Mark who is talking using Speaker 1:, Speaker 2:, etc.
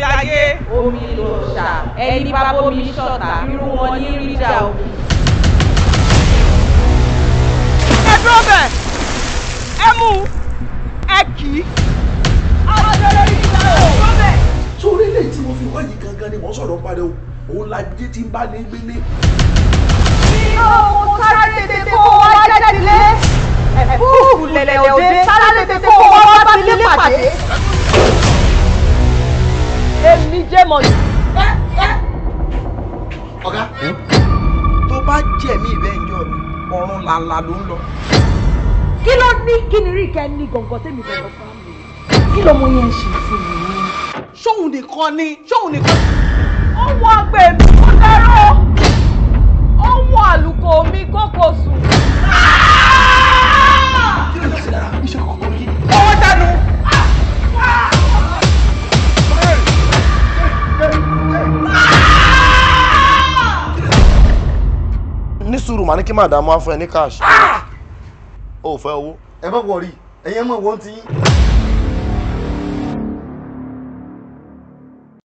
Speaker 1: omi láyé omi lòṣà ẹni bá bómi ṣọ̀tá irú wọn ní rídà omi. ẹ dúró bẹ̀ ẹ mú ẹ kì í. àbájọ́lẹ̀ rí ìjà ẹ̀ dúró bẹ̀. sórí ilé tí mo fi wá yìí gangan ni mò ń sọ̀rọ̀ pariwo òun la jí ti ń bá ní gbélé. mi ò sáré tètè kó wá jáde lé ẹ̀fúùfù lẹ̀lẹ̀ òde sáré. jẹ́ mọ̀ ní. ọ̀gá tó bá jẹ̀mí ìbẹ́ ìjọ mi ọ̀run làlà ló ń lọ. kí ló ní kí ni rí ìkẹ́ ní gọ̀ǹgọ̀ tèmi gọ̀ǹgọ̀ fún mi kí lọmọ yẹn ṣe fún mi. ṣóun nìkan ni ṣóun nìkan ni. sùúrù màá ní kí màdàmú á fún ẹ ní cash. Ah! o ò fẹ́ owó. ẹ má wọrí ẹ̀yin ẹ mọ̀ wọ́n ti yín.